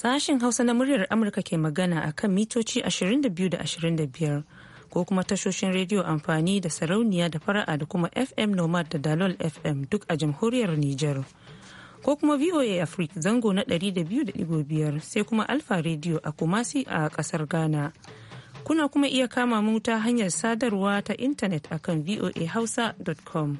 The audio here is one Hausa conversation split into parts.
Sashen Hausa na muryar Amurka ke magana a kan mitoci 22 da 25 ko kuma tashoshin rediyo amfani da sarauniya da fara'a da kuma FM Nomad da Dalol FM duk a jamhuriyar Nijar. Ko kuma VOA Africa zango na 200.5 sai kuma Alfa Radio a Kumasi a kasar Ghana. Kuna kuma iya kama mu ta hanyar sadarwa ta intanet akan voahausa.com.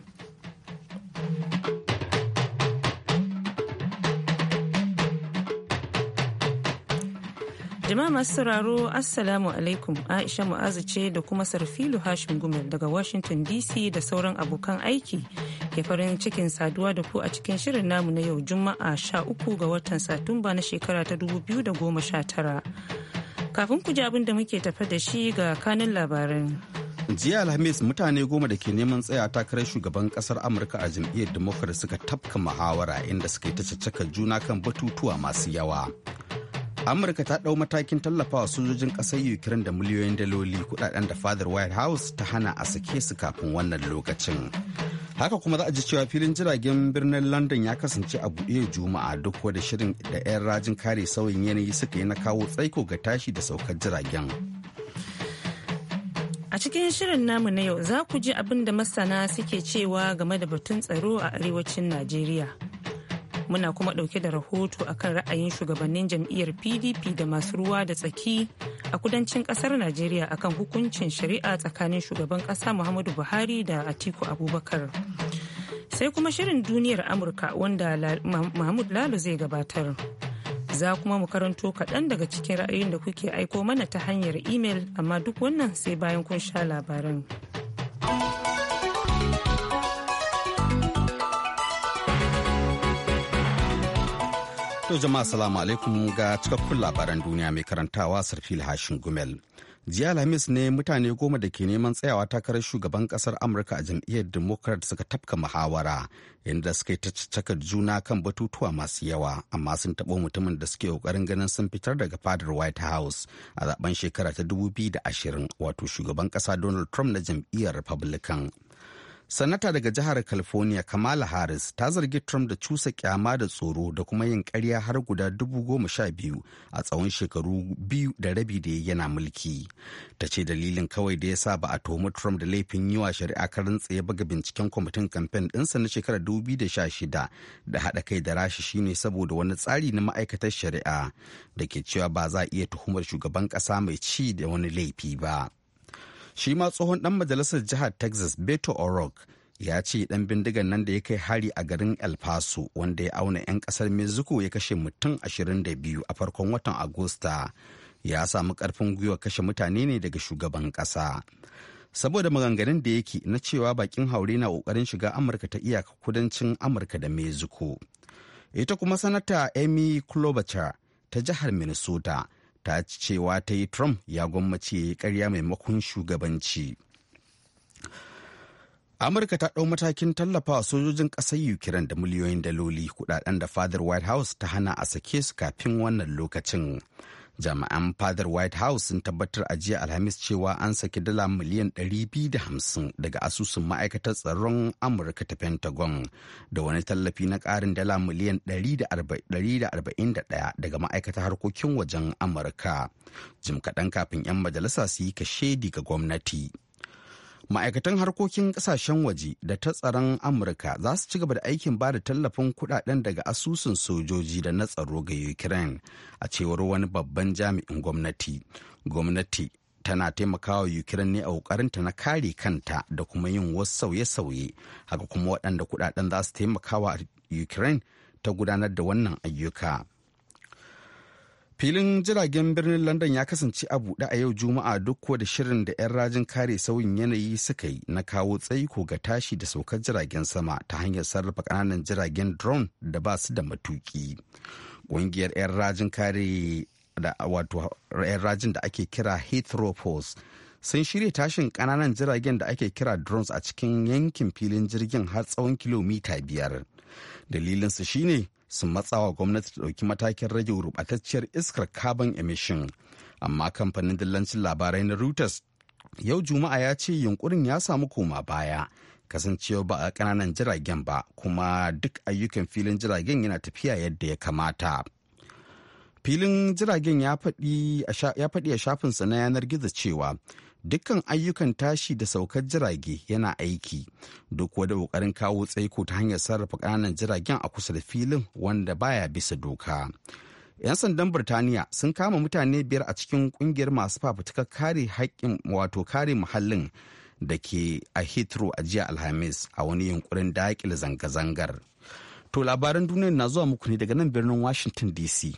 Jama'a masu sauraro Assalamu alaikum Aisha Mu'azu ce da kuma Sarfilu Hashim Gumel daga Washington DC da sauran abokan aiki ke farin cikin saduwa da ku a cikin shirin namu na yau Juma'a 13 ga watan Satumba na shekara ta 2019. Kafin ku ji abin da muke tafa da shi ga kanin labaran. jiya alhamis mutane goma da ke neman tsaya takarar shugaban kasar amurka a jam'iyyar democrat suka tafka muhawara inda suka yi ta juna kan batutuwa masu yawa amurka ta ɗau matakin tallafawa sojojin ƙasar ukraine da miliyoyin daloli kudaden da fadar white house ta hana a sake su kafin wannan lokacin haka kuma za a ji cewa filin jiragen birnin london ya kasance a buɗe juma'a duk wanda shirin da 'yan rajin kare sauyin yanayi suka yi na kawo tsaiko ga tashi da saukar jiragen a cikin shirin namu na yau za ku ji abin da masana suke cewa game da batun tsaro a arewacin najeriya muna kuma ɗauke da rahoto akan ra'ayin shugabannin jam'iyyar pdp da masu ruwa da tsaki a kudancin ƙasar najeriya akan hukuncin shari'a tsakanin shugaban ƙasa muhammadu buhari da atiku abubakar sai kuma shirin duniyar amurka wanda mahmud lalo zai gabatar za kuma mu karanto kaɗan daga cikin ra'ayin da kuke aiko mana ta hanyar imel amma duk wannan sai bayan kun sha labaran. To jama'a salamu alaikum ga cikakkun labaran duniya mai karantawa Sarfil Hashin Gumel. Jiya lamis ne mutane goma da ke neman tsayawa takarar shugaban kasar Amurka a jam'iyyar Democrat suka tafka muhawara inda suka yi ta caka juna kan batutuwa masu yawa amma sun taɓo mutumin da suke ƙoƙarin ganin sun fitar daga fadar White House a zaben shekara ta 2020 wato shugaban ƙasa Donald Trump na jam'iyyar Republican. Sanata daga jihar California Kamala Harris ta zargi Trump da cusa kyama da tsoro da kuma yin karya har guda dubu sha biyu a tsawon shekaru biyu da rabi da yana mulki. Ta ce dalilin kawai da ya sa ba a tuhumi Trump da laifin yi wa shari'a karin tsaye ba ga binciken kwamitin kamfen ɗinsa na shekarar 2016 da haɗa kai da rashi shine saboda wani tsari na ma'aikatar shari'a da ke cewa ba za a iya tuhumar shugaban ƙasa mai ci da wani laifi ba. shi ma tsohon dan majalisar jihar texas beto o'rourke ya ce dan bindigan nan da ya kai hari a garin el paso wanda ya auna 'yan kasar mexico ya kashe mutum 22 a farkon watan agusta ya samu karfin gwiwa kashe mutane ne daga shugaban kasa saboda maganganun da yake na cewa bakin haure na kokarin shiga amurka ta iyaka kudancin amurka da mexico ita kuma sanata amy klobuchar ta jihar minnesota ta cewa ta yi trump ya gwammace ya yi karya maimakon shugabanci amurka ta ɗau matakin tallafa sojojin ƙasar ukraine da miliyoyin daloli kudaden da fadar white house ta hana a sake su kafin wannan lokacin jami'an fadar white house sun tabbatar a jiya alhamis cewa an saki dala miliyan 250 daga asusun ma'aikatar tsaron amurka ta pentagon da wani tallafi na karin dala miliyan 141 daga ma'aikatar harkokin wajen amurka jim kaɗan kafin 'yan majalisa su yi kashe ga gwamnati. ma'aikatan harkokin kasashen waje da ta tsaron amurka za su ci gaba da aikin ba da tallafin kudaden daga asusun sojoji da na tsaro ga ukraine a cewar wani babban jami'in gwamnati gwamnati tana taimakawa ukraine ne a kokarinta na kare kanta da kuma yin wasu sauye-sauye haka kuma waɗanda kudaden za su taimakawa ukraine ta gudanar da wannan ayyuka. filin jiragen birnin london ya kasance a buɗe a yau juma'a duk da shirin da 'yan rajin kare sauyin yanayi suka yi na kawo tsaiko ga tashi da saukar jiragen sama ta hanyar sarrafa ƙananan jiragen drone da ba su da matuki ƙungiyar 'yan rajin kare da wato 'yan rajin da ake kira heathrow sun shirya tashin ƙananan jiragen da ake kira drones a cikin yankin filin jirgin har tsawon kilomita biyar dalilinsu shine sun matsawa gwamnati ta ɗauki matakin rage gurɓatacciyar iskar carbon emission amma kamfanin dillancin labarai na reuters yau juma'a ya ce yunkurin ya samu koma baya kasancewa ba a ƙananan jiragen ba kuma duk ayyukan filin jiragen yana tafiya yadda ya kamata filin jiragen ya faɗi a shafinsa na yanar gizo cewa dukkan ayyukan tashi da saukar jirage yana aiki duk wadda kokarin kawo tsaiko ta hanyar sarrafa kananan jiragen a kusa da filin wanda baya bisa doka 'yan sandan birtaniya sun kama mutane biyar a cikin kungiyar masu fafutukar kare haƙƙin wato kare muhallin da ke a hitro a jiya alhamis a wani yunkurin daƙile zanga-zangar to labaran duniya na zuwa muku ne daga nan birnin washington dc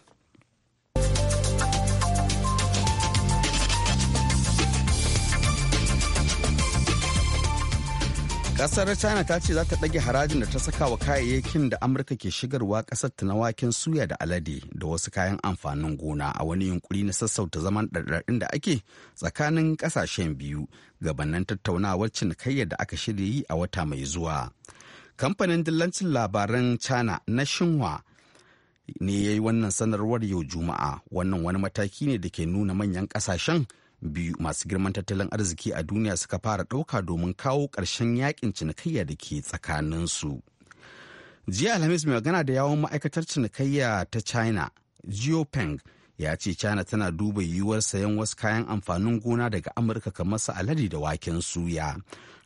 Kasar China ta ce za ta ɗage harajin da ta saka wa kayayyakin da Amurka ke shigarwa ƙasar ta na waken suya da alade da wasu kayan amfanin gona a wani yunkuri na sassauta zaman ɗarɗarɗin da ake tsakanin ƙasashen biyu gabanin tattaunawar cinikayyar da aka shirya yi a wata mai zuwa. Kamfanin dillancin labaran China na shinwa ne ya yi wannan sanarwar yau Juma'a wannan wani mataki ne da ke nuna manyan ƙasashen biyu masu girman tattalin arziki a duniya suka fara ɗauka domin kawo ƙarshen yakin cinikayya da ke tsakaninsu. jiya alhamis mai magana da yawon ma'aikatar cinikayya ta china geopeng ya ce china tana duba yiwuwar sayan wasu kayan amfanin gona daga amurka kamar su alade da waken suya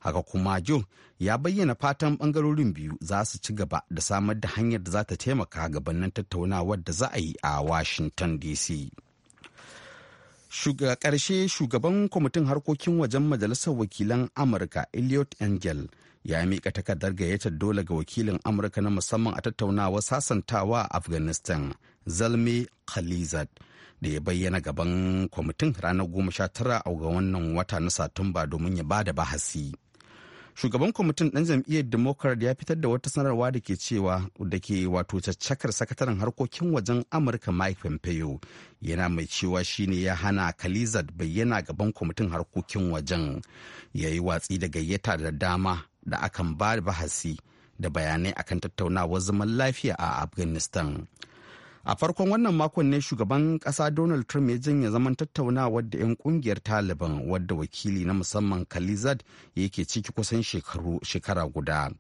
haka kuma jo ya bayyana fatan bangarorin biyu za su ci gaba da samar da hanyar da za ta taimaka gabanin tattaunawar da za a yi a washington dc Shuga ƙarshe shugaban kwamitin harkokin wajen majalisar wakilan amurka elliot engel ya miƙa takardar gayyatar dole ga wakilin amurka na musamman a tattaunawa sasantawa a afghanistan zalmi khalizad da ya bayyana gaban kwamitin ranar 19 a ga wannan wata na satumba domin ya ba da bahasi. shugaban kwamitin ɗan jam'iyyar democrat ya fitar da wata sanarwa da ke cewa da ke wato caccakar sakataren harkokin wajen amurka mike pompeo yana mai cewa shine ya hana kalizat bayyana gaban kwamitin harkokin wajen ya yi watsi da gayyata da dama da akan ba bahasi da bayanai akan tattaunawar zaman lafiya a afghanistan a farkon wannan makon ne shugaban kasa donald trump ya janye zaman tattaunawa da 'yan kungiyar taliban wadda wakili na musamman khalizad yake ciki kusan shekara guda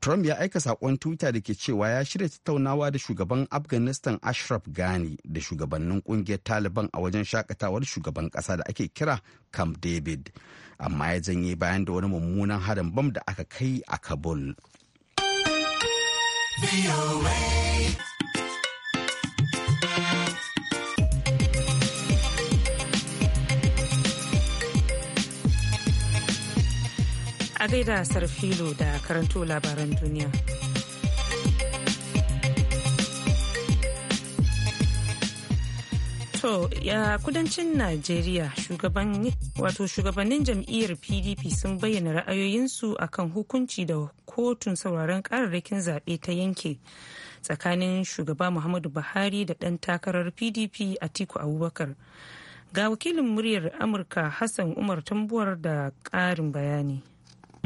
trump ya aika sakon twitter da ke cewa ya shirya tattaunawa da shugaban afghanistan ashraf ghani da shugabannin kungiyar taliban a wajen shakatawar shugaban kasa da ake kira camp david amma ya janye bayan da wani mummunan harin bam da aka kai a kabul A gaida Sarfilo da karanto labaran duniya. To, ya kudancin Najeriya wato shugabannin jam'iyyar PDP sun bayyana ra'ayoyinsu akan hukunci da kotun sauraron kararrakin zaɓe ta yanke tsakanin shugaba muhammadu buhari da ɗan takarar pdp a atiku abubakar ga wakilin muryar amurka hassan umar tambuwar da ƙarin bayani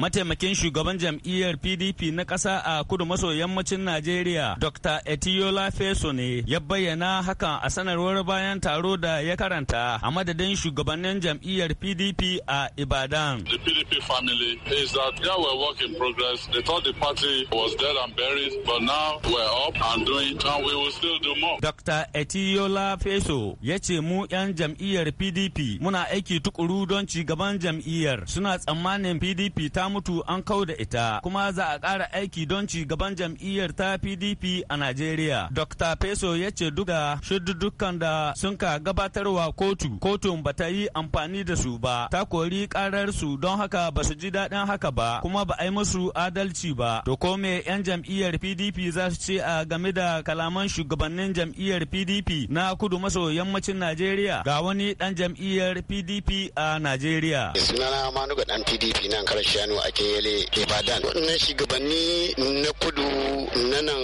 mataimakin shugaban jam'iyyar pdp na ƙasa a kudu maso yammacin najeriya dr etiola feso ne ya bayyana hakan a sanarwar bayan taro da ya karanta a madadin shugabannin jam'iyyar pdp a ibadan the pdp family is that were work progress they thought party was dead and buried but now we're up and doing and we will still do more dr etiola feso ya ce mu 'yan jam'iyyar pdp muna aiki tukuru don ci gaban jam'iyyar suna tsammanin pdp ta mutu an kau da ita kuma za a ƙara aiki don ci gaban jam'iyyar ta PDP a Najeriya. Dr. Peso ya ce duk da shuddukan da sun ka gabatarwa kotu, kotun ba ta yi amfani da su ba, ta kori karar su don haka ba su ji daɗin haka ba, kuma ba a yi musu adalci ba. To ko me 'yan jam'iyyar PDP za su ce a game da kalaman shugabannin jam'iyyar PDP na kudu maso yammacin Najeriya ga wani ɗan jam'iyyar PDP a Najeriya. Sunana Manuga ɗan PDP nan karshen a kele ibadan wannan shugabanni na kudu na nan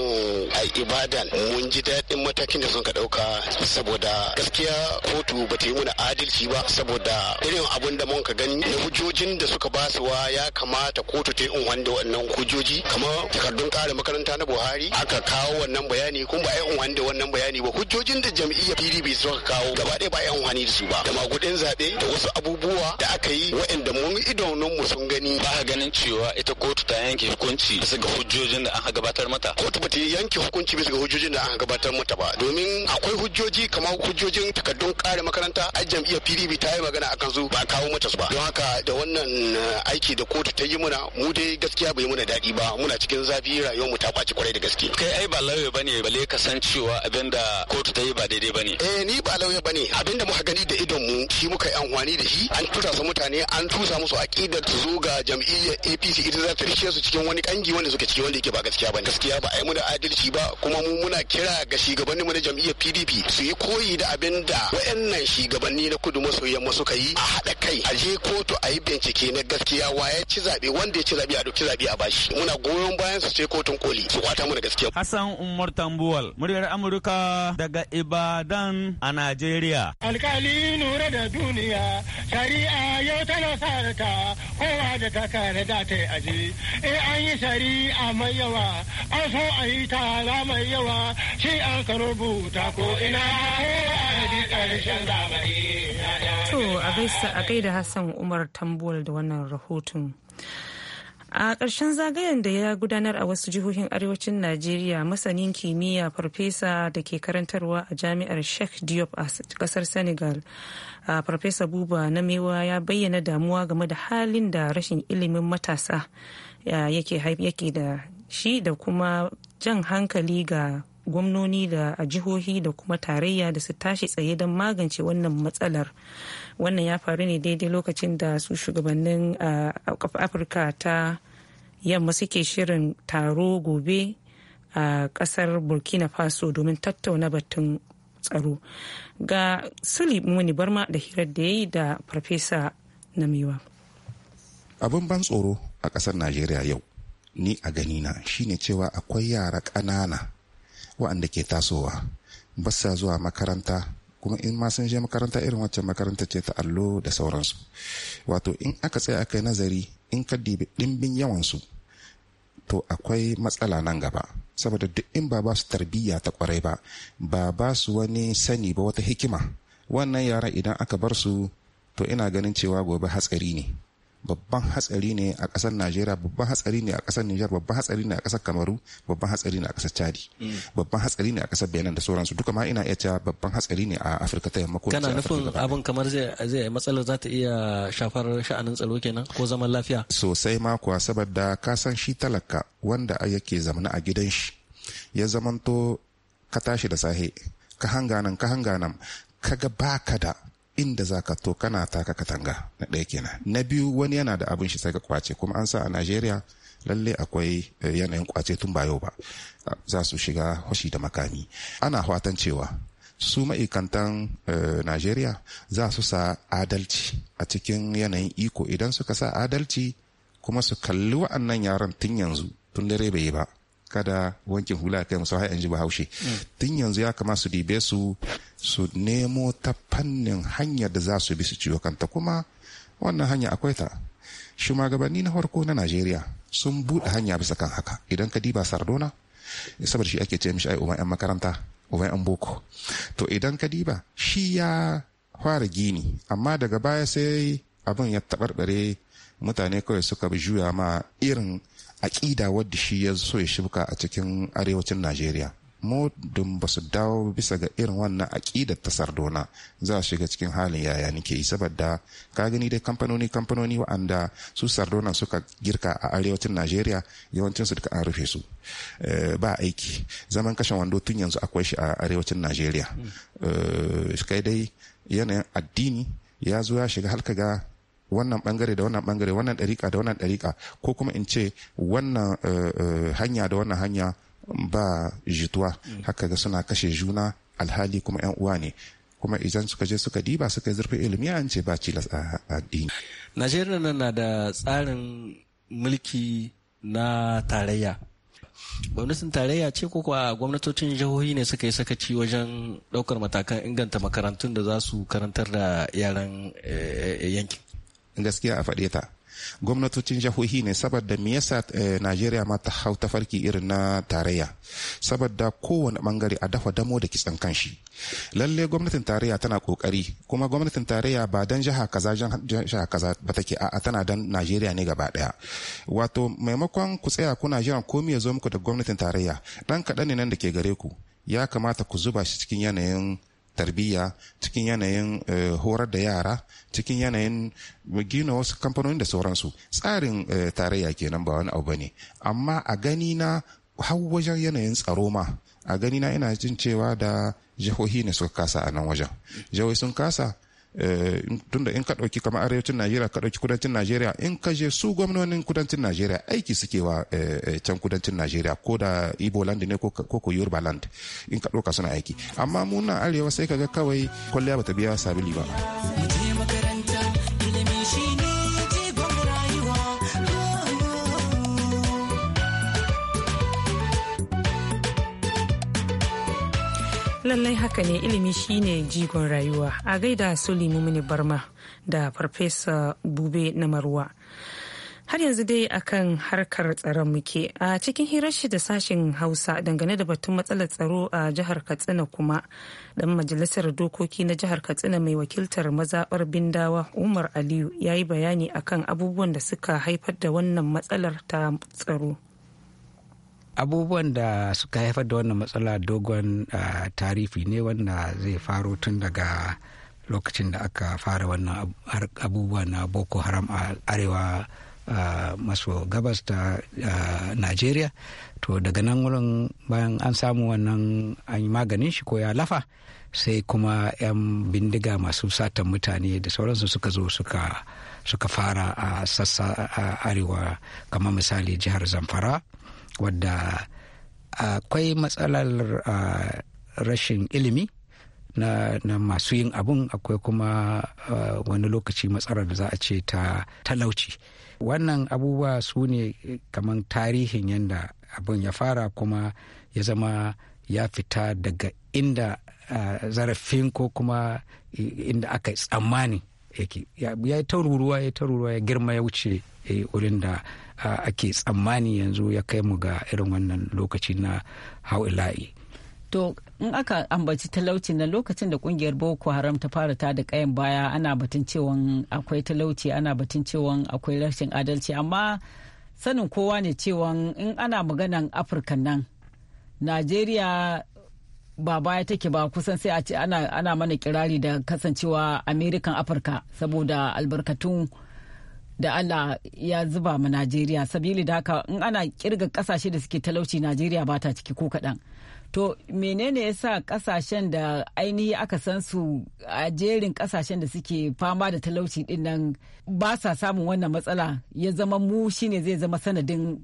a ibadan mun ji daɗin matakin da sun ka ɗauka saboda gaskiya kotu ba ta yi muna adalci ba saboda irin abun da mun ka gani na hujjojin da suka ba wa ya kamata kotu ta yi unwan da wannan hujjoji kamar takardun kare makaranta na buhari aka kawo wannan bayani kun ba yi unwan da wannan bayani ba hujjojin da jam'iyyar pdp suka kawo gaba ɗaya ba yi wani da su ba da magudin zaɓe da wasu abubuwa da aka yi waɗanda mun idonunmu sun gani ba aka ganin cewa ita kotu ta yanke hukunci bisa ga hujjojin da aka gabatar mata kotu ba ta yanke hukunci bisa ga hujjojin da aka gabatar mata ba domin akwai hujjoji kamar hujjojin takardun kare makaranta a jam'iyyar PDP ta yi magana akan su ba kawo mata su ba don haka da wannan eh, aiki da kotu ta yi muna mu dai gaskiya bai muna daɗi ba muna cikin zafi rayuwar mu ta kwaci kwarai da gaske kai ai ba lauye bane bale ka san cewa abin da kotu ta yi ba daidai bane eh ni ba lauye bane abin da muka gani da idon mu shi muka yi amfani da shi an su mutane an tusa musu aqidar su ga jam'iyyar jam'iyyar apc ita za ta rike su cikin wani kangi wanda suka ci wanda yake ba gaskiya ba gaskiya ba ai yi muna adalci ba kuma mu muna kira ga mu na jam'iyyar pdp su yi koyi da abin da wayannan shugabanni na kudu maso yamma suka yi a haɗa kai a je kotu a yi bincike na gaskiya wa ya ci zaɓe wanda ya ci zaɓe a doki zaɓe a bashi muna goyon bayan su ce kotun koli su kwata mu da gaskiya. hassan umar tambuwal muryar amurka daga ibadan a najeriya. alkali nura da duniya shari'a yau ta sa kowa da ta ka da da ta aji in an yi shari'a mai yawa an so a yi tara mai yawa shi an ka rubuta ko ina ko a ji karshen zamani to a gaida hassan umar tambol da wannan rahoton a ƙarshen zagayen da ya gudanar a wasu jihohin arewacin najeriya masanin kimiyya farfesa da ke karantarwa a jami'ar sheikh diop a ƙasar senegal farfesa buba na mewa ya bayyana damuwa game da halin da rashin ilimin matasa yake da shi da kuma jan hankali ga gwamnoni da jihohi da kuma tarayya da su tashi tsaye don magance wannan matsalar wannan ya faru ne daidai lokacin da su shugabannin ah, afirka ta yamma suke shirin taro gobe a kasar burkina faso domin tattauna batun tsaro ga suli muni barma da hirar da ya yi da farfesa namiwa abin ban tsoro a kasar najeriya yau ni a ganina shine cewa akwai yara ƙanana waɗanda ke tasowa basa zuwa makaranta kuma in ma sun je makaranta irin wacce makaranta ce ta allo da sauransu wato in aka tsaya aka yi nazari in ka dibi ɗimbin yawansu to akwai matsala nan gaba saboda duk in ba ba su tarbiyya ta kwarai ba ba ba su wani sani ba wata hikima wannan yara idan aka bar su to ina ganin cewa gobe hatsari ne babban hatsari ne a ƙasar najeriya babban hatsari ne a ƙasar Niger babban hatsari ne a ƙasar kamaru babban hatsari ne a ƙasar chadi mm. babban hatsari ne a ƙasar benin da sauransu duka ma ina iya cewa babban hatsari ne a afirka ta yamma ko kana nufin abin kamar zai matsalar za ta iya shafar sha'anin tsaro kenan ko zaman lafiya sosai ma kuwa saboda ka san shi talaka wanda yake zamana a gidan shi ya zamanto ka tashi da sahe ka hanga nan ka hanga nan kaga baka da inda za ka to kana taka katanga na ɗaya kenan na biyu wani yana da abin shi sai ka kwace kuma an sa a najeriya lalle akwai eh, yanayin kwace tun ba yau ba za su shiga hoshi da makami ana fatan cewa su ma'aikantan eh, najeriya za su sa adalci a cikin yanayin iko idan suka sa adalci kuma su kalli wa'annan yaran tun yanzu tun dare bai yi ba kada wankin hula kai musu an ji bahaushe tun yanzu ya kama su dibe su su nemo ta fannin hanyar da za su bi su ciwo kanta kuma wannan hanya akwai ta shugabanni na farko na najeriya sun buɗe hanya bisa kan haka idan ka diba sardona saboda shi ake ce mishi ai uban yan makaranta uban yan boko to idan ka diba shi ya fara gini amma daga baya sai abin ya taɓarɓare mutane kawai suka bi juya ma irin aƙida wadda shi ya so ya shibka a cikin arewacin najeriya mudun ba su dawo bisa ga irin wannan aƙidar ta sardona za a shiga cikin halin yaya nike yi saboda ka gani dai kamfanoni kamfanoni wa'anda su sardona suka girka a arewacin najeriya yawancinsu duka an rufe su eh, ba aiki zaman kashen wando tun yanzu akwai shi a arewacin najeriya hmm. eh, kai dai yanayin addini ya zo ya shiga halka ga wannan bangare da wannan bangare wannan dariƙa da wannan dariƙa ko kuma in ce wannan eh, eh, hanya da wannan hanya ba jituwa mm. haka ga suna kashe juna alhali kuma 'yan uwa ne kuma idan suka je suka diba suka yi zurfin ilimi an ce ba cilas a addini. Najeriya nan na da tsarin mulki na tarayya. Gwamnatin tarayya ce ko kuwa gwamnatocin jihohi ne suka yi sakaci wajen ɗaukar matakan inganta makarantun da za su karantar da yaran eh, yankin. gaskiya a faɗe ta gwamnatocin jihohi ne saboda me yasa eh, najeriya ma ta hau tafarki irin na tarayya saboda kowane bangare a dafa damo da kitsan kanshi lalle gwamnatin tarayya tana kokari kuma gwamnatin tarayya ba dan jiha kaza jiha kaza ba take a'a tana dan najeriya ne gaba daya wato maimakon ku tsaya kuna najeriya komai ya zo muku da gwamnatin tarayya dan kaɗan ne nan da ke gare ku ya kamata ku zuba shi cikin yanayin tarbiyya cikin yanayin eh, horar da yara cikin yanayin gina wasu kamfanoni da sauransu tsarin eh, tarayya kenan ba wani abu ne amma a gani na har wajen yanayin tsaro ma a gani na ina jin cewa da jihohi ne suka kasa a nan wajen jihohi sun kasa Eh, tunda in ka ɗauki kamar arewacin najeriya ka ɗauki kudancin najeriya in ka je su gwamnonin kudancin najeriya aiki suke wa eh, eh, can kudancin najeriya ko da ibo land ne ko ko yoruba land in ka suna aiki amma muna arewa sai ka ga kawai kwalliya bata biya sabili ba. lallai haka ne ilimi shine jigon rayuwa a gaida sulimu mini barma da farfesa bube na marwa har yanzu dai akan harkar tsaron muke a cikin hirar shi da sashen hausa dangane da batun matsalar tsaro a jihar katsina kuma dan majalisar dokoki na jihar katsina mai wakiltar mazabar bindawa umar aliyu ya yi bayani akan abubuwan da suka haifar da wannan matsalar ta tsaro abubuwan da suka haifar da wannan matsala dogon ah, tarifi ne wanda zai faro tun daga lokacin da aka fara wannan abubuwa na boko haram a arewa ah, maso gabas ta ah, nigeria to daga nan wurin bayan an samu wannan an yi maganin shi ko ya lafa sai kuma 'yan bindiga masu satan mutane da sauransu suka zo suka suka fara a sassa a arewa kamar misali jihar zamfara wadda akwai matsalar rashin ilimi na, na masu yin abun akwai kuma uh, wani lokaci matsalar da za a ce ta talauci wannan abubuwa su ne kamar tarihin yadda abin ya fara kuma ya zama ya fita daga inda uh, zarafin ko kuma inda aka tsammani yake ya yi taururuwa ya taururuwa ya girma ya wuce eh, wurin da ake tsammani yanzu ya kai mu ga irin wannan lokaci na hau'ila'i. To in aka ambaci talauci na lokacin da kungiyar Boko Haram ta fara ta da kayan baya ana batun cewa akwai talauci ana batun cewa akwai rashin adalci amma sanin kowa ne cewa in ana maganan Afirka nan Najeriya ba baya take ba kusan sai a ce ana, ana mana kirari da kasancewa Amerikan Afirka saboda albarkatun da Allah ya zuba ma Najeriya sabili da haka in ana kirga kasashe da suke talauci Najeriya ba ta ciki ko kaɗan. To menene ya sa kasashen da ainihi aka san su a jerin kasashen da suke fama da talauci dinnan nan ba sa samun wannan matsala ya zama mu shine zai zama sanadin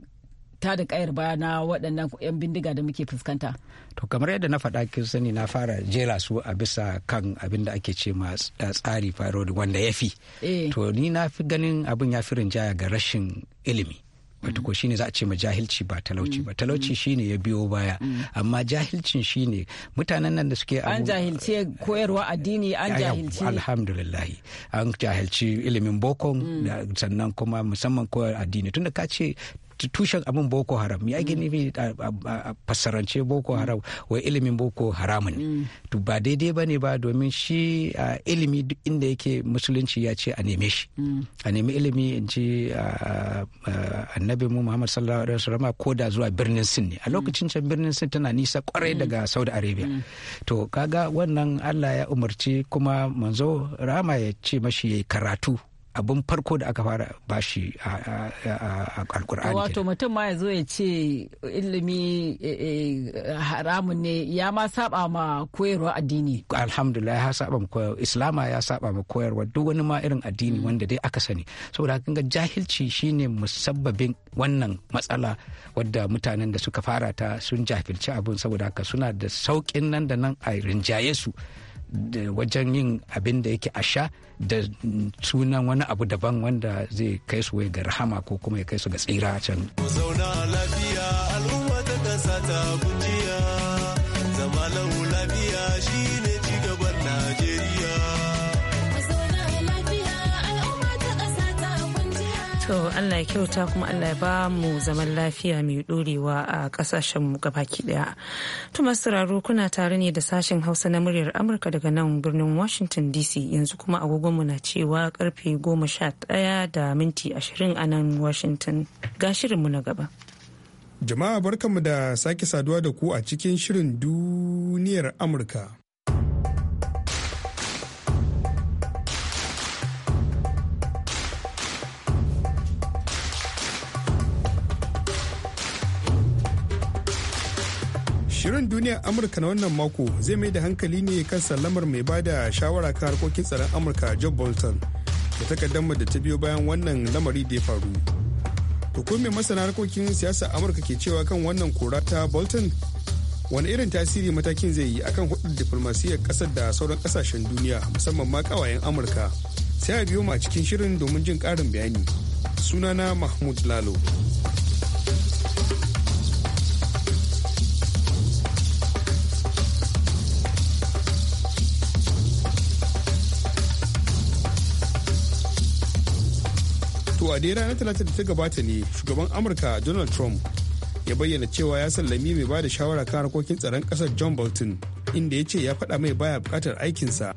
ta da kayar baya na waɗannan 'yan bindiga da muke fuskanta to kamar yadda na faɗa kin sani na fara jera su a bisa kan abin da ake ce ma tsari farodi wanda ya fi eh. to ni na fi ganin abin ya fi rinjaya ga rashin ilimi wato ko mm. shine za a ce ma jahilci ba talauci mm. ba talauci mm. shine ya biyo baya amma jahilcin shine mutanen nan da suke an jahilci koyarwa addini an jahilci alhamdulillah an jahilci ilimin boko sannan kuma musamman koyar addini tunda ka ce tushen abin boko haram ya gini mm. a fassarance boko mm. haram Wa ilimin boko haram ne mm. to ba daidai ba ne ba domin shi ilimi duk inda yake musulunci ya ce a neme shi a nemi ilimi in ji annabi mu muhammad sallallahu alaihi wasallam ko da zuwa birnin sin ne a lokacin can birnin sin tana nisa kwarai daga saudi arabia to kaga wannan allah ya umarci kuma manzo rama ya ce mashi ya karatu abin farko da aka fara bashi a alkur'ani wato mutum ma ya zo ya ce ilimi eh, eh, haramun ne ya ma saba ma koyarwa addini alhamdulillah ya saba ma koyarwa islama ya saba ma koyarwa duk wani ma irin addini mm. wanda dai aka sani saboda kan ga jahilci shine musabbabin wannan matsala wadda mutanen da suka fara ta sun jahilci abun saboda haka suna da saukin nan da nan a rinjaye su wajen yin abin da yake a sha da sunan wani abu daban wanda zai kai su ga rahama ko kuma ya kai su ga tsira can. Zauna lafiya al'umma. to allah ya kyauta kuma allah ya ba mu zaman lafiya mai dorewa a kasashen mu gabaki daya to masu kuna tare ne da sashen hausa na muryar amurka daga nan birnin washington dc yanzu kuma agogonmu na cewa karfe goma sha ɗaya da minti ashirin a nan washington ga shirinmu na gaba jama'a barkamu da sake saduwa da ku a cikin shirin duniyar amurka Shirin duniyar Amurka na wannan mako zai mai da hankali ne kan sallamar mai ba da shawara kan harkokin tsaron Amurka Joe Bolton da takaddamar da ta biyo bayan wannan lamari da ya faru. Hukumar masana harkokin siyasa Amurka ke cewa kan wannan kura ta Bolton wani irin tasiri matakin zai yi akan hudun diflomasiyyar kasar da sauran kasashen duniya musamman ma kawayen Amurka. Sai a biyo mu a cikin shirin domin jin karin bayani. Sunana Mahmud Lalo. To a dai ranar talata da ta gabata ne shugaban Amurka Donald Trump ya bayyana cewa ya sallami mai ba da shawara kan harkokin tsaron kasar John Bolton inda ya ce ya faɗa mai baya bukatar aikinsa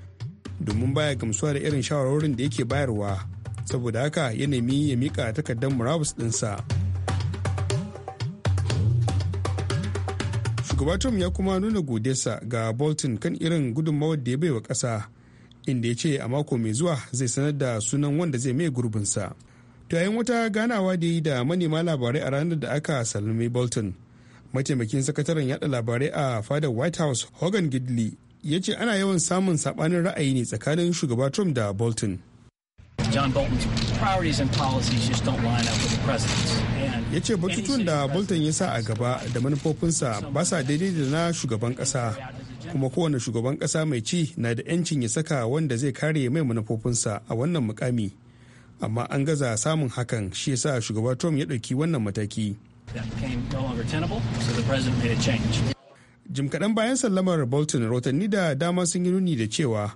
domin baya gamsuwa da irin shawarorin da yake bayarwa saboda haka ya nemi ya miƙa takardar murabus ɗinsa. shugaba trump ya kuma nuna godesa ga bolton kan irin gudunmawar da ya baiwa ƙasa inda ya ce a mako mai zuwa zai sanar da sunan wanda zai mai gurbinsa to yayin wata ganawa da yi da manema labarai a ranar da aka salmi bolton mataimakin sakataren yada labarai a fadar white house hogan gidley ya ce ana yawan samun sabanin ra'ayi ne tsakanin shugaba trump da bolton ya ce batutuwan da bolton ya sa a gaba da manufofinsa ba sa daidai da na shugaban kasa kuma kowane shugaban kasa mai ci na da 'yancin ya saka wanda zai kare mai manufofinsa a wannan mukami amma an gaza samun hakan shi ya sa shugaba trump ya ɗauki wannan mataki jim kaɗan bayan sallamar bolton rahotanni da dama sun yi nuni da cewa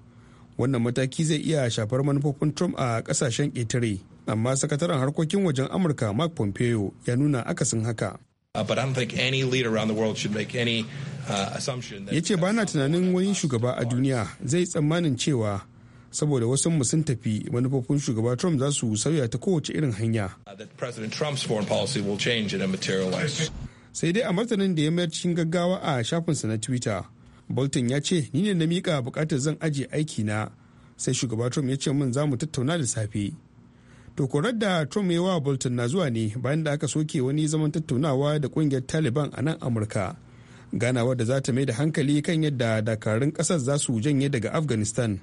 wannan mataki zai iya shafar manufofin trump a ƙasashen ƙetare amma sakataren harkokin wajen amurka mark pompeo ya nuna akasin haka uh, uh, ya ce ba na tunanin wani shugaba a duniya zai tsammanin cewa saboda wasu mu sun tafi manufofin shugaba trump za su sauya ta kowace irin hanya sai dai a martanin da ya mayar cikin gaggawa a shafinsa na twitter bolton ya ce ni ne na miƙa buƙatar zan ajiye aiki na sai shugaba trump ya ce min za mu tattauna da safe to korar da trump ya wa bolton na zuwa ne bayan da aka soke wani zaman tattaunawa da ƙungiyar taliban a nan amurka ganawar da za ta mai da hankali kan yadda dakarun ƙasar za su janye daga afghanistan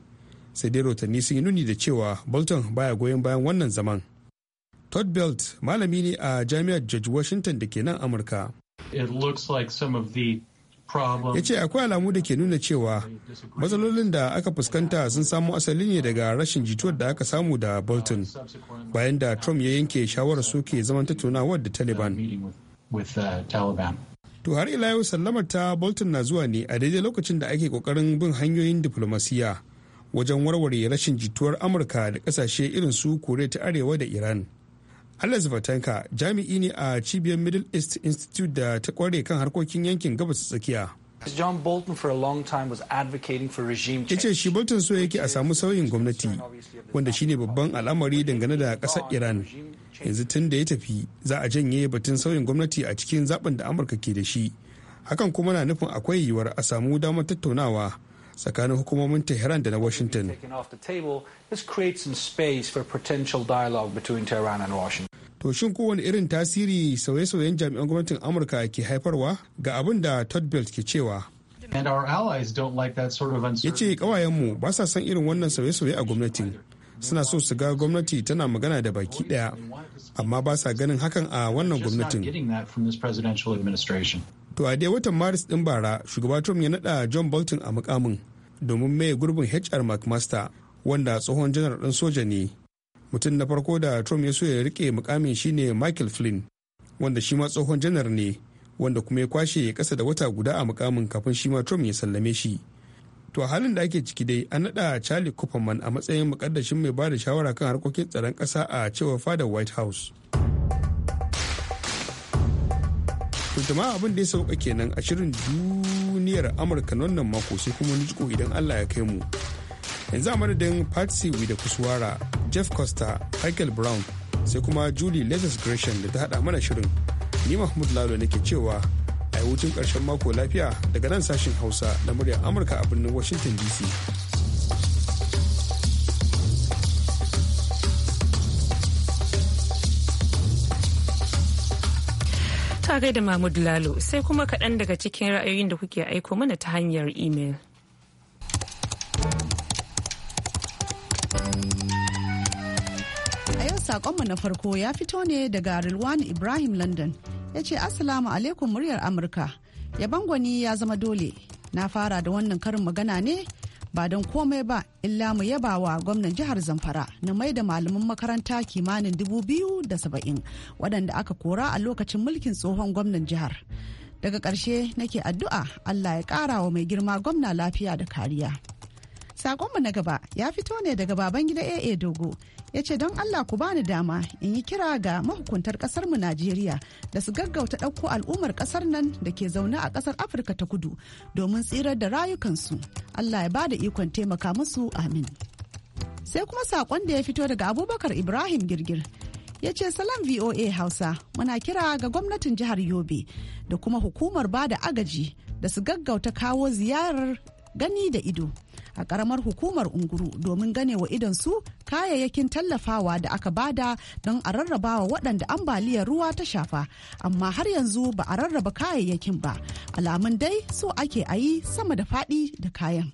sai dai rotanni sun yi nuni da cewa bolton baya goyon bayan wannan zaman todd belt malami ne a jami'ar george washington da ke nan amurka ya ce akwai alamu da ke nuna cewa matsalolin da aka fuskanta sun samo asali ne daga rashin jituwar da aka samu da bolton bayan da trump ya yanke shawarar soke zaman tattaunawar da taliban uh, to har ila yau sallamar ta bolton na zuwa ne a daidai lokacin da ake kokarin bin hanyoyin diflomasiyya. wajen warware rashin jituwar amurka da kasashe irin su koriya ta arewa da iran alex vatanka jami'i ne a cibiyar middle east institute da ta kware kan harkokin yankin gabas tsakiya John ce Yace shi Bolton so yake a samu sauyin gwamnati wanda shi ne babban al'amari dangane da kasar Iran. Yanzu tun da ya tafi za a janye batun sauyin gwamnati a cikin zaben da Amurka ke da shi. Hakan kuma na nufin akwai yiwuwar a samu damar tattaunawa tsakanin hukumomin tehran da na washington to shin kowane irin tasiri sauye-sauyen jami'an gwamnatin amurka ke haifarwa ga abin da todd belt ke cewa ya ce kawayenmu ba sa son irin wannan sauye-sauye a gwamnatin suna so su ga gwamnati tana magana da baki ɗaya amma ba sa ganin hakan a wannan gwamnatin to a dai watan maris din bara shugaba trump ya nada john bolton a mukamin domin mai gurbin hr mcmaster wanda tsohon janar din soja ne mutum na farko da trump ya so ya rike mukamin shine michael flynn wanda shi ma tsohon janar ne wanda kuma ya kwashe kasa da wata guda a mukamin kafin shi ma trump ya sallame shi to a halin da ake ciki dai an naɗa charlie kupperman a matsayin mukaddashin mai ba da shawara kan harkokin tsaron ƙasa a cewar fadar white house To abin da ya sauka kenan a shirin duniyar Amurka wannan mako sai kuma jiko idan Allah ya kai mu. Yanzu a madadin Patsy da Kuswara, Jeff Costa, Michael Brown, sai kuma Julie Lesus Gresham da ta hada mana shirin. Ni Mahmud Lalo nake cewa a hutun ƙarshen mako lafiya daga nan sashen Hausa na muryar Amurka a birnin Washington DC. Ta da Mahmud Lalo sai kuma kaɗan daga cikin ra'ayoyin da kuke aiko mana ta hanyar imel. A yau saƙonmu na farko ya fito ne daga Rilwan Ibrahim London ya ce Assalamu alaikum muryar Amurka. yabangwani ya zama dole. Na fara da wannan karin magana ne ba don komai ba illa mu yaba wa gwamnan jihar zamfara na mai da malaman makaranta kimanin dubu biyu da saba'in waɗanda aka kora a lokacin mulkin tsohon gwamnan jihar daga ƙarshe nake addu'a allah ya ƙara wa mai girma gwamna lafiya da kariya Sakonmu na gaba ya fito ne daga baban gida AA Dogo ya ce don Allah ku bani dama in yi kira ga mahukuntar mu Najeriya da su gaggauta ɗauko al'ummar ƙasar nan da ke zaune a ƙasar Afirka ta kudu domin tsirar da rayukansu. Allah ya bada ikon taimaka musu amin. Sai kuma sakon da ya fito daga Abubakar Ibrahim Girgir ya ce salam VOA Hausa muna kira ga gwamnatin jihar Yobe da kuma hukumar bada agaji da su gaggauta kawo ziyarar gani da ido a karamar hukumar unguru domin gane wa idan su kayayyakin tallafawa da aka bada don a rarrabawa waɗanda ambaliyar ruwa ta shafa amma har yanzu ba a rarraba kayayyakin ba alamun dai so ake a yi sama da faɗi da kayan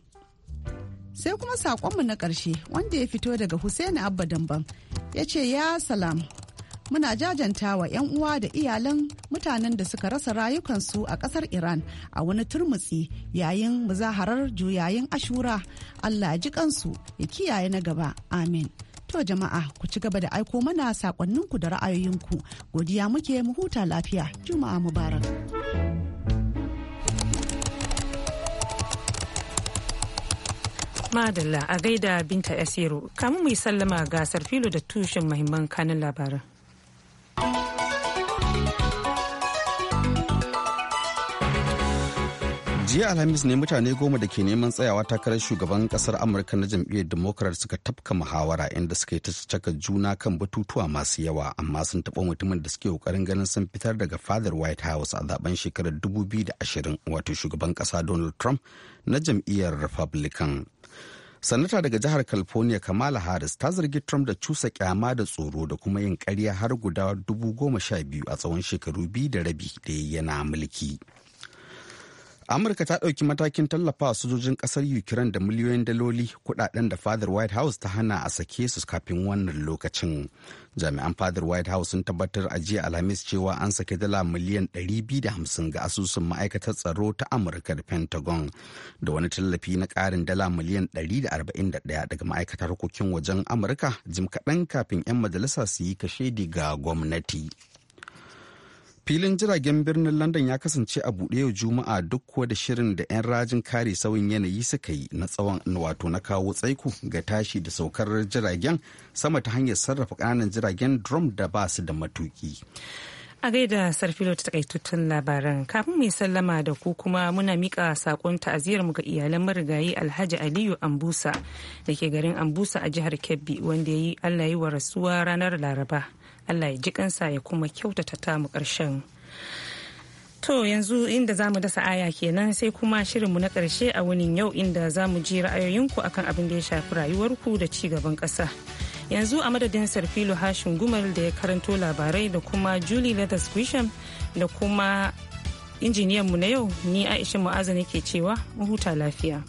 sai kuma saƙonmu na ƙarshe wanda ya fito daga Hussaini abba damban ya ce ya salam muna jajanta wa 'yan uwa da iyalan mutanen da suka rasa rayukansu a kasar iran a wani turmutsi yayin muzaharar juyayin ashura allah ji kansu ya kiyaye na gaba amin to jama'a ku ci gaba da aiko mana sakonninku da ra'ayoyinku godiya muke mu huta lafiya juma'a mubarak madalla a gaida binta yasiru kamun mu yi sallama gasar filo da tushen mahimman kanin labaran jiya alhamis ne mutane goma da ke neman tsayawa takarar shugaban kasar amurka na jam'iyyar democrat suka tafka muhawara inda suka yi ta caka juna kan batutuwa masu yawa amma sun taɓa mutumin da suke ƙoƙarin ganin sun fitar daga fadar white house a zaben shekarar 2020 wato shugaban kasa donald trump na jam'iyyar republican sanata daga jihar california kamala harris ta zargi trump da cusa kyama da tsoro da kuma yin karya har guda dubu goma a tsawon shekaru biyu da rabi da yana mulki amurka ta ɗauki matakin tallafa sojojin ƙasar ukraine da miliyoyin daloli kuɗaɗen da fadar white house ta hana a sake su kafin wannan lokacin jami'an fadar white house sun tabbatar a jiya alhamis cewa an sake dala miliyan 250 ga asusun ma'aikatar tsaro ta amurka da pentagon da wani tallafi na ƙarin dala miliyan 141 daga ma'aikatar harkokin wajen amurka jim kaɗan kafin 'yan majalisa su yi kashedi ga gwamnati. filin jiragen birnin london ya kasance a buɗe yau juma'a duk da shirin da 'yan rajin kare sauyin yanayi suka yi na tsawon wato na kawo tsaiku ga tashi da saukar jiragen sama ta hanyar sarrafa ƙananan jiragen drum da ba su da matuki a gaida sarfilo ta takaitattun labaran kafin mai sallama da ku kuma muna mika sakon mu ga iyalan marigayi alhaji aliyu ambusa da ke garin ambusa a jihar kebbi wanda ya yi allah yi wa rasuwa ranar laraba allah ya ji kansa ya kuma kyautata mu ƙarshen To yanzu inda za mu dasa aya kenan sai kuma shirinmu na ƙarshe a wani yau inda za mu ji ra'ayoyinku akan abin da ya shafi rayuwarku da ci gaban ƙasa. Yanzu a madadin Sarfilo Hashin gumar da ya karanto labarai da kuma Julie Leathers Grisham da kuma injiniyanmu na yau ni Aisha Mu'azu ke cewa mu huta lafiya.